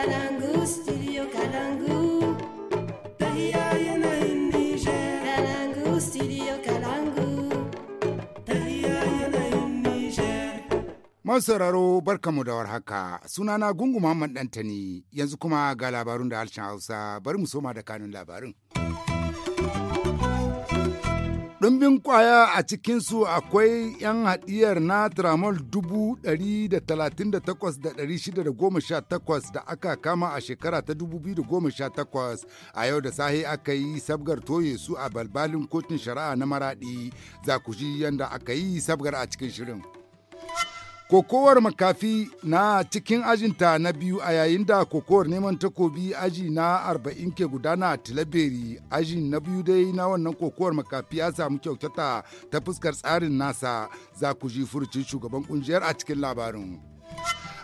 Kalangu, studio Kalangu. Tahia barkamu da warhaka. Sunana Gungu Muhammad Dantani. Yanzu kuma ga labarun da harshen Hausa. Bari mu soma da kanun labarin. ɗumbin kwaya a cikinsu akwai 'yan haɗiyar na tramol 138,618 da aka kama a shekara ta 2018 a yau da sahi aka yi sabgar toye su a balbalin kotun shari'a na maraɗi za ku ji yadda aka yi sabgar a cikin shirin. kokowar makafi na cikin ajinta na biyu a yayin da kokowar neman takobi aji na arba'in ke gudana a tilaberi aji na biyu dai na wannan kokowar makafi ya samu kyautata ta fuskar tsarin nasa za ku ji furucin shugaban kungiyar a cikin labarin.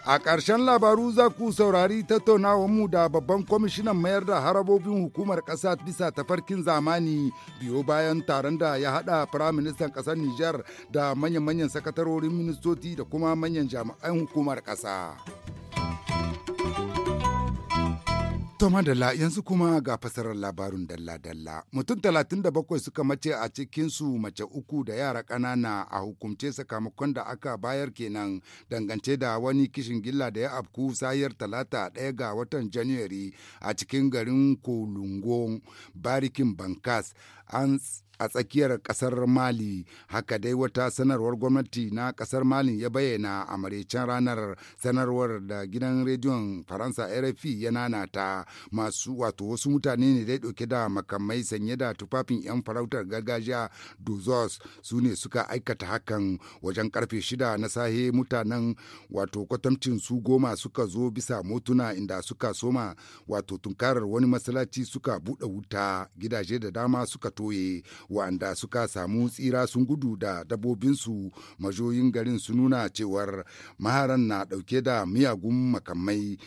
A ƙarshen labaru za ku saurari tattaunawar mu da babban kwamishinan mayar da harabobin hukumar ƙasa bisa tafarkin zamani biyo bayan taron da ya haɗa firaministan ƙasar Nijar da manyan-manyan sakatarorin ministoci da kuma manyan jami'an hukumar ƙasa. To madalla yanzu kuma ga fasarar labarin dalla-dalla. Mutum talatin da bakwai suka mace a cikin su mace uku da yara ƙanana a hukumce sakamakon da aka bayar kenan dangance da wani kishin gilla da ya afku sayar talata ɗaya ga watan January a cikin garin Kolungo barikin Bankas an a tsakiyar kasar mali haka dai wata sanarwar gwamnati na kasar mali ya bayyana a maraicen ranar sanarwar da gidan rediyon faransa rfi ya nanata masu wato wasu mutane ne dai dauke da makamai sanye da tufafin yan farautar gargajiya dozos su ne suka aikata hakan wajen karfe shida na sahe mutanen wato kwatamcin su goma suka zo bisa motuna inda suka soma wato tunkarar wani masallaci suka buɗe wuta gidaje da dama suka toye wa'anda suka samu tsira sun gudu da dabobinsu majoyin garin su nuna cewar maharan na dauke da miyagun makamai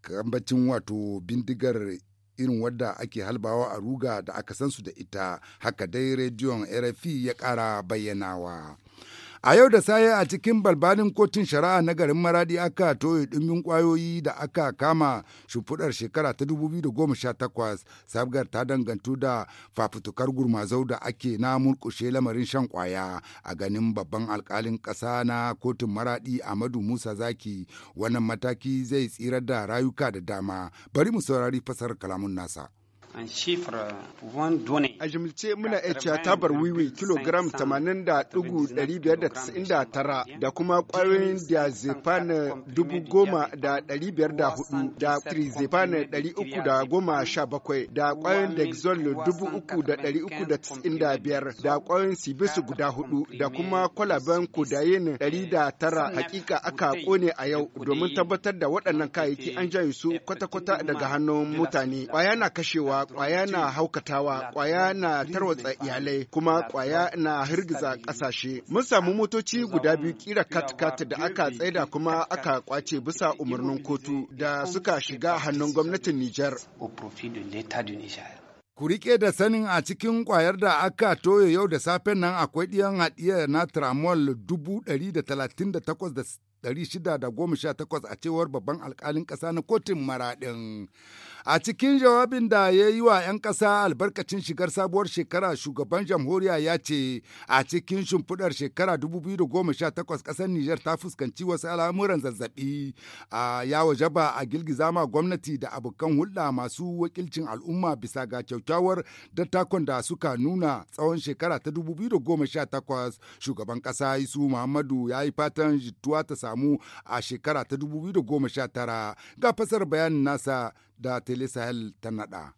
kambacin wato bindigar irin wadda ake halbawa a ruga da aka san su da ita haka dai rediyon rfi ya kara bayyanawa. A yau da saye a cikin balbalin kotun shari'a na garin Maradi aka toye ɗumin kwayoyi da aka kama shimfiɗar shekara ta 2018 sabgar ta dangantu da fafutukar gurmazau da ake na mulkushe lamarin shan kwaya a ganin babban alkalin ƙasa na kotun Maradi Amadu Musa Zaki wannan mataki zai tsirar da rayuka da dama bari mu saurari fasar kalamun nasa. A jimlice muna iya cewa tabar wiwi kilogram 80,599 da kuma ƙwayoyin diazepam 10,504 da trizepam 317 da ƙwayoyin dexol 3,395 da ƙwayoyin sibisu guda hudu da kuma kwalaben kudayin 109 hakika aka kone a yau domin tabbatar da waɗannan kayayyaki an jaye su kwata-kwata daga hannun mutane. Ƙwaya na kashewa kwaya na haukatawa ƙwaya na tarwatsa iyalai kuma kwaya na hirgiza ƙasashe mun samu motoci guda biyu kira kat-kat da aka tsaida kuma aka kwace bisa umarnin kotu da suka shiga hannun gwamnatin Nijar. Ku riƙe da sanin a cikin kwayar da aka toye yau da safen nan akwai ɗiyan haɗiya na tramol da 618 a cewar babban alkalin ƙasa na kotun maraɗin. A cikin jawabin da ya yi wa 'yan ƙasa albarkacin shigar sabuwar shekara shugaban jamhuriya ya ce a cikin shimfiɗar shekara 2018 ƙasar Nijar ta fuskanci wasu al'amuran zazzabi a ya ba a girgizama gwamnati da abokan hulɗa masu wakilcin al'umma bisa ga kyaukyawar dattakon da suka nuna tsawon shekara ta 2018 shugaban kasa Isu Muhammadu ya yi fatan jituwa ta samu samu a shekara ta 2019 ga fasar bayanin nasa da telesahel ta naɗa.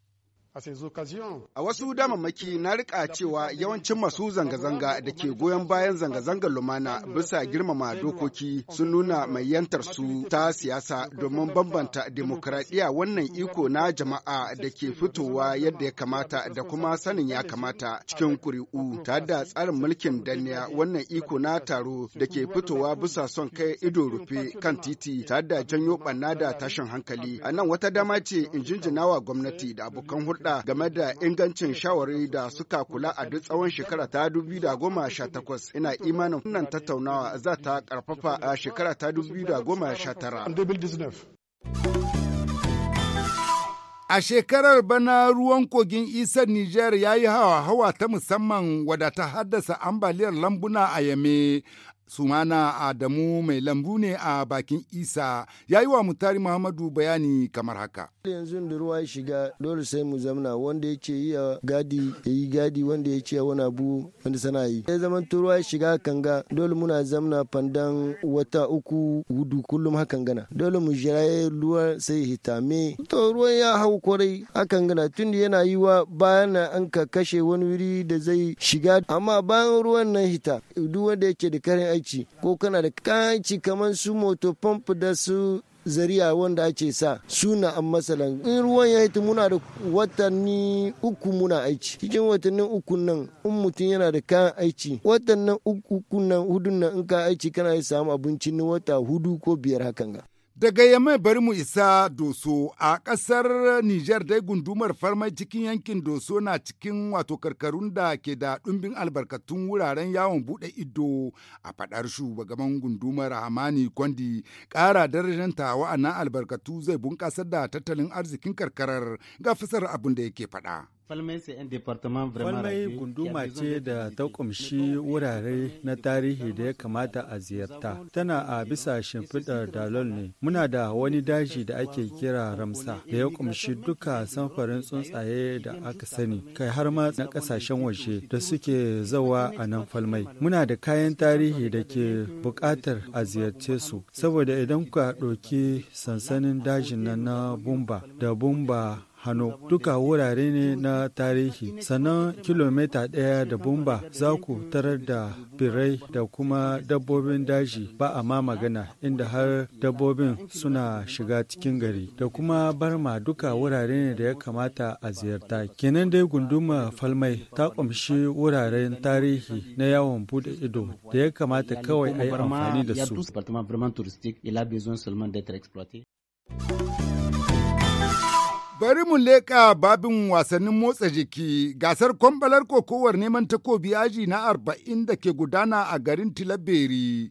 A wasu damammaki na rika cewa yawancin masu zanga-zanga da ke goyon bayan zanga-zangar lumana bisa girmama dokoki sun nuna mai yantar su ta siyasa domin bambanta demokradiyya wannan iko na jama'a da ke fitowa yadda ya kamata da kuma sanin ya kamata cikin kuri'u ta da tsarin mulkin danniya wannan iko na taro da ke fitowa bisa son kai ido rufe kan titi ta da janyo ɓanna da tashin hankali. A nan wata dama ce in jinjinawa gwamnati da abokan hulɗa hulɗa game da ingancin shawari da suka kula a duk tsawon shekara ta takwas ina imanin wannan tattaunawa za ta karfafa a shekara ta tara. A shekarar bana ruwan kogin isar Nijar ya yi hawa hawa ta musamman wadata haddasa ambaliyar lambuna a yame sumana adamu mai lambu ne a bakin isa ya yi wa mutari muhammadu bayani kamar haka yanzu da ruwa ya shiga dole sai mu zamna wanda yake yi a gadi ya yi gadi wanda yake a wani abu wanda sana yi ya zaman ruwa ya shiga kanga dole muna zamna fandan wata uku hudu kullum hakan gana dole mu jira ruwa sai hitame to ruwan ya hau kwarai hakan gana tun yana yi wa bayan an ka kashe wani wuri da zai shiga amma bayan ruwan nan hita duk wanda yake da karin kayaici ko kana da kanci kamar su moto pump da su zariya wanda ake sa suna an masalan in ruwan ya hita muna da watanni uku muna aiki cikin watannin uku nan in mutum yana da kayan aiki watannin uku nan hudun nan in ka aiki kana samu abincin wata hudu ko biyar hakan ga Daga yamma bari mu isa Doso a ƙasar Nijar dai gundumar farmai cikin yankin Doso na cikin wato karkarun da ke da ɗumbin albarkatun wuraren yawon buɗe ido a faɗar shugaban gundumar Hamani Kwandi ƙara darajanta wa'annan albarkatu zai bunƙasar da tattalin arzikin karkarar ga fasar abin da yake faɗa. Falmai gunduma ce da ta kumshi wurare na tarihi da ya kamata a ziyarta. Tana a bisa shimfiɗar dalol ne. Muna da wani daji da ake kira Ramsa da ya kumshi duka samfarin tsuntsaye da aka sani, kai har ma na ƙasashen waje da suke zawa a nan Falmai. Muna da kayan tarihi da ke buƙatar a ziyarce su, saboda idan ka ɗauki sansanin dajin nan na Bumba da Bumba Hano duka wurare ne na tarihi sannan kilomita ɗaya da Bumba za ku tarar da birai da kuma dabbobin daji ba a ma magana inda har dabbobin suna shiga cikin gari da kuma barma duka wurare ne da ya kamata a ziyarta kenan dai gunduma falmai ta ƙumshi wuraren tarihi na yawon bude ido da ya kamata kawai a yi amfani da su Bari mu leƙa babin wasannin motsa jiki, gasar kwambalar kokowar neman takobi aji na arba'in da ke gudana a garin Tilaberi.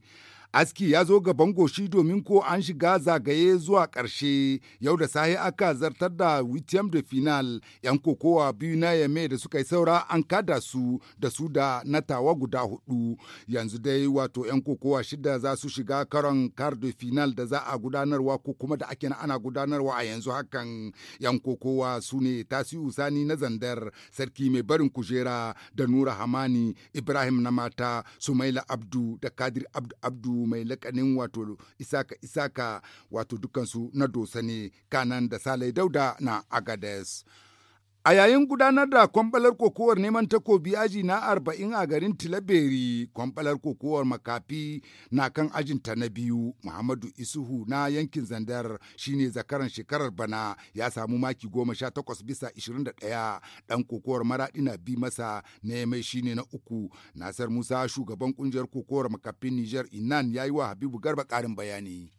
aski ya zo gaban goshi domin ko an shiga zagaye zuwa ƙarshe yau da sahi aka zartar da witiyam da final yan kokowa biyu na yame da suka yi saura an kada su da su da natawa guda hudu yanzu dai wato yan kokowa shida za su shiga karon kar da final da za a gudanarwa ko kuma da ake ana gudanarwa a yanzu hakan yan kokowa su ne tasiu sani na zandar sarki mai barin kujera da nura hamani ibrahim na mata sumaila abdu da kadir abdu abdu mai lakanin wato isaka isaka wato dukansu na dosa ne kanan da salai dauda na agades A yayin gudanar da kwambalar kokowar neman takobi aji na arba'in a garin Tilaberi, kwambalar kokowar makafi na kan ajinta na biyu, Muhammadu Isuhu na yankin Zandar shine zakaran shekarar bana ya samu maki goma sha takwas bisa ishirin da ɗaya, ɗan kokowar maraɗi na bi masa na mai shine na uku. Nasar Musa shugaban ƙungiyar kokowar makafin Nijar Inan ya yi wa Habibu Garba ƙarin bayani.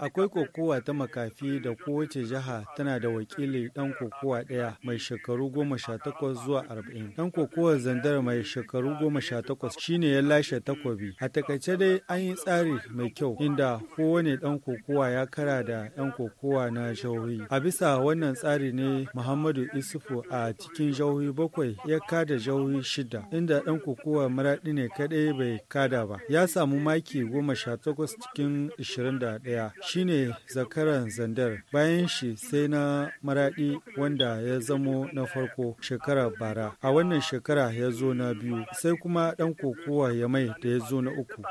Akwai kokowa ta makafi da kowace jiha tana da wakili ɗan kokowa ɗaya mai shekaru goma sha takwas zuwa arba'in. Ɗan kokowar zandar mai shekaru goma sha takwas shine ya lashe takobi. A takaice dai an yi tsari mai kyau inda kowane ɗan kokowa ya kara da ɗan kokowa na jauhi. A bisa wannan tsari ne Muhammadu Isufu a cikin jauhi bakwai ya kada jauhi shida inda ɗan kokowa maraɗi ne kaɗai bai kada ba. Ya samu maki goma sha takwas cikin ishirin 21 shine zakaran zandar bayan shi sai na maraɗi wanda ya zamo na farko shekara bara a wannan shekara ya zo na biyu sai kuma ɗan kokowa ya mai da ya zo na uku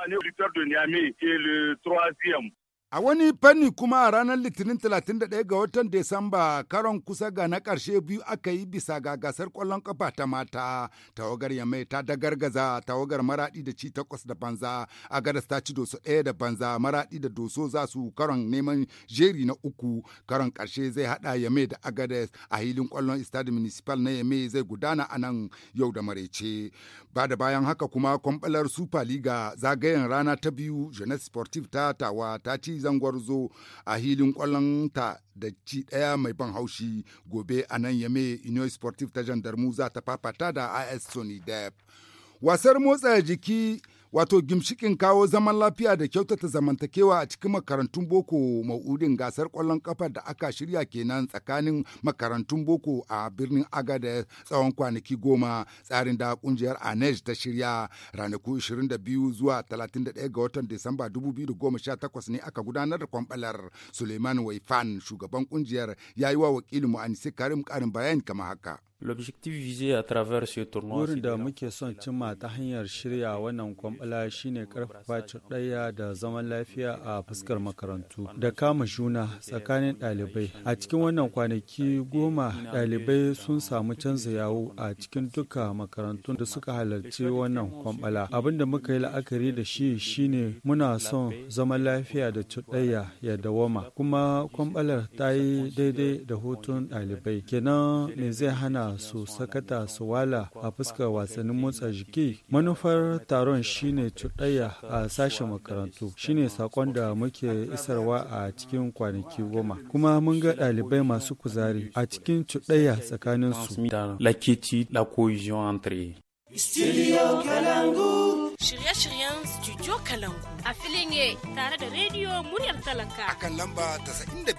A wani fanni kuma a ranar Litinin 31 ga watan Desamba karon kusa ga na karshe biyu aka yi bisa ga gasar ƙwallon ƙafa ta mata, tawagar Yamai ta dagargaza tawagar maraɗi da ci takwas da banza, a gadas ta ci doso ɗaya da banza maraɗi da doso za su karon neman jeri na uku, karon karshe zai haɗa Yamai da Agades a hilin kwallon Stade Municipal na Yamai zai gudana a nan yau da marece. Ba da bayan haka kuma kwambalar Super Liga zagayen rana ta biyu Jeunesse Sportive ta tawa ta ci zan Gwarzo a hilin kwallon ta da ci ɗaya mai ban haushi gobe a nan Yame ino Sportive ta Jandarmu za ta fafata da AS Sony Dep. Wasar motsa jiki wato gimshikin kawo zaman lafiya da kyautata zamantakewa a cikin makarantun boko ma'udin gasar kwallon kafa da aka shirya kenan tsakanin makarantun boko a birnin aga da tsawon kwanaki goma tsarin da kungiyar anej ta shirya ranaku 22 zuwa 31 ga watan disamba 2018 ne aka gudanar da kwambalar suleiman waifan shugaban kungiyar ya yi wa wakilin mu anise karim karin bayani kamar haka Burin da muke son cimma ta hanyar shirya wannan kwambala shine karfafa cuɗaya da zaman lafiya a fuskar makarantu da kama juna tsakanin ɗalibai. A cikin wannan kwanaki goma ɗalibai sun samu canza yawo a cikin duka makarantun da suka halarci wannan kwamfala. Abin da muka yi la'akari da shi shine muna son zaman lafiya da cuɗaya ya dawama. Kuma kwambalar ta yi daidai da hutun ɗalibai. Kenan me zai hana su sakata su wala a fuska wasannin motsa jiki manufar taron shine cuɗaya a sashen makarantu shine sakon da muke isarwa a cikin kwanaki goma kuma mun ga ɗalibai masu kuzari a cikin cuɗaya tsakanin su Studio Kalangu. Shirye-shiryen Studio Kalangu. A filin ye tare da rediyo muryar talaka. A kan lamba 95.5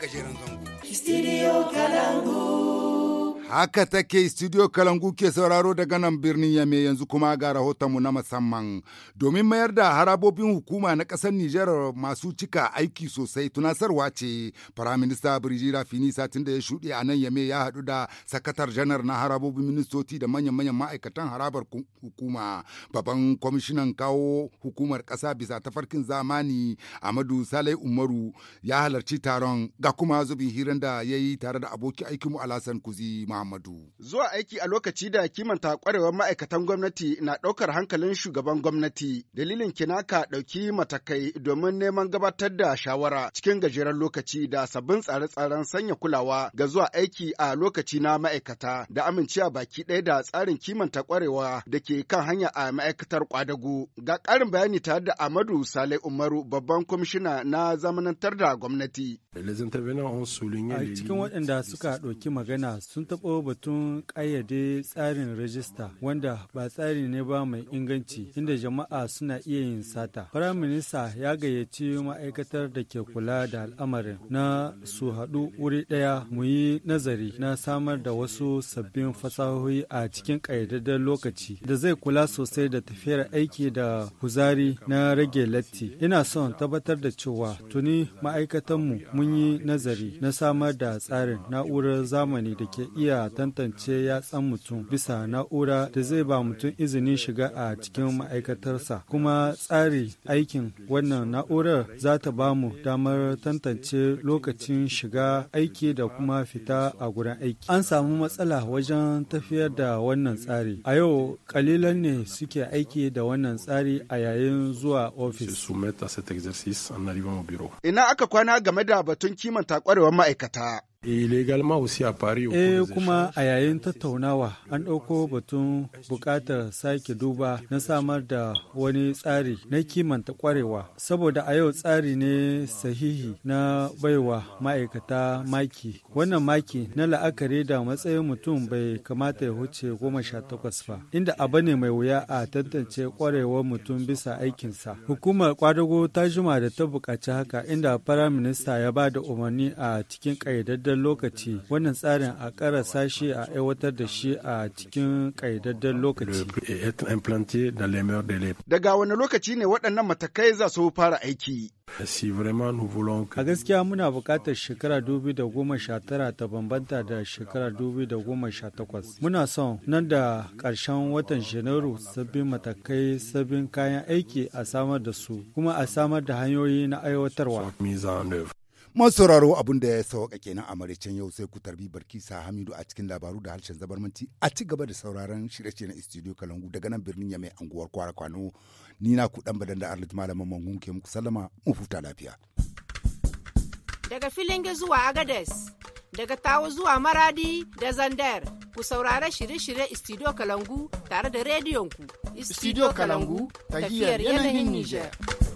gajeren zango. Studio Kalangu. Haka take studio Kalangu ke sauraro daga nan birnin Yame yanzu kuma ga rahoton mu na musamman. Domin mayar da harabobin hukuma na ƙasar Nijar masu cika aiki sosai tunasarwa ce. Firaminista Birjira Fini satin da ya shuɗe a nan Yame ya haɗu da sakatar janar na harabobin ministoci da manyan-manyan ma'aikatan harabar hukuma. Babban kwamishinan kawo hukumar ƙasa bisa tafarkin zamani Amadu Salai Umaru ya halarci taron ga kuma zubin hiran da ya yi tare da aboki aikinmu Alhassan Kuzi. Muhammadu. Zuwa aiki a lokaci da kimanta kwarewar ma'aikatan gwamnati na ɗaukar hankalin shugaban gwamnati. Dalilin kinaka ɗauki matakai domin neman gabatar da shawara cikin gajeren lokaci da sabbin tsare-tsaren sanya kulawa ga zuwa aiki a lokaci na ma'aikata da amincewa baki ɗaya da tsarin kimanta kwarewa da ke kan hanya a ma'aikatar kwadago. Ga ƙarin bayani tare da Amadu Sale Umaru babban kwamishina na zamanantar da gwamnati. A cikin waɗanda suka ɗauki magana sun taɓa taɓo batun ƙayyade tsarin rajista wanda ba tsari ne ba mai inganci inda jama'a suna iya yin sata. Firaminista ya gayyaci ma'aikatar da ke kula da al'amarin na su haɗu wuri ɗaya mu yi nazari na samar da wasu sabbin fasahohi a cikin ƙayyadadden lokaci da zai kula sosai da tafiyar aiki da kuzari na rage latti. Ina son tabbatar da cewa tuni ma'aikatanmu mun yi nazari na samar da tsarin na'urar zamani da ke iya iya tantance yatsan mutum bisa na'ura da zai ba mutum izinin shiga a cikin ma'aikatarsa. Kuma tsari aikin wannan na'urar za ta ba mu damar tantance lokacin shiga aiki da kuma fita a gurin aiki. An samu matsala wajen tafiyar da wannan tsari. A yau kalilan ne suke aiki da wannan tsari a yayin zuwa ofis. Ina aka kwana game da batun kimanta kwarewar ma'aikata. E eh kuma a yayin tattaunawa an ɗauko batun buƙatar sake duba na samar da wani tsari na kimanta ƙwarewa saboda a yau tsari ne sahihi na baiwa ma'aikata maki. Wannan maki na la'akari da matsayin mutum bai kamata ya huce goma sha takwas ba, inda abu ne mai wuya a tantance ƙwarewar mutum bisa aikinsa. Hukumar ƙwadago ta jima da ta buƙaci haka inda Firaminista ya ba da umarni a cikin ƙayyadaddar ƙayyadadden lokaci wannan tsarin a ƙara sashi a aiwatar da shi a cikin ƙayyadadden lokaci. Daga wani lokaci ne waɗannan matakai za su fara aiki? A gaskiya muna buƙatar shekara tara ta bambanta da shekara takwas. Muna son nan da ƙarshen watan Janairu sabbin matakai sabbin kayan aiki a samar da su kuma a samar da hanyoyi na aiwatarwa. sauraro abun da ya sauka kenan a maraicen yau sai ku tarbi barkisa hamidu a cikin labaru da harshen zabarmanci a ci gaba da sauraron shirye na studio kalangu daga nan birnin ya mai anguwar kwara kwano ni na ku dan badan da arlit malamin mangun ke muku sallama mu futa lafiya daga filinge zuwa agades daga tawo zuwa maradi da zandar ku saurara shirye-shirye studio kalangu tare da rediyon ku studio kalangu tafiyar yanayin niger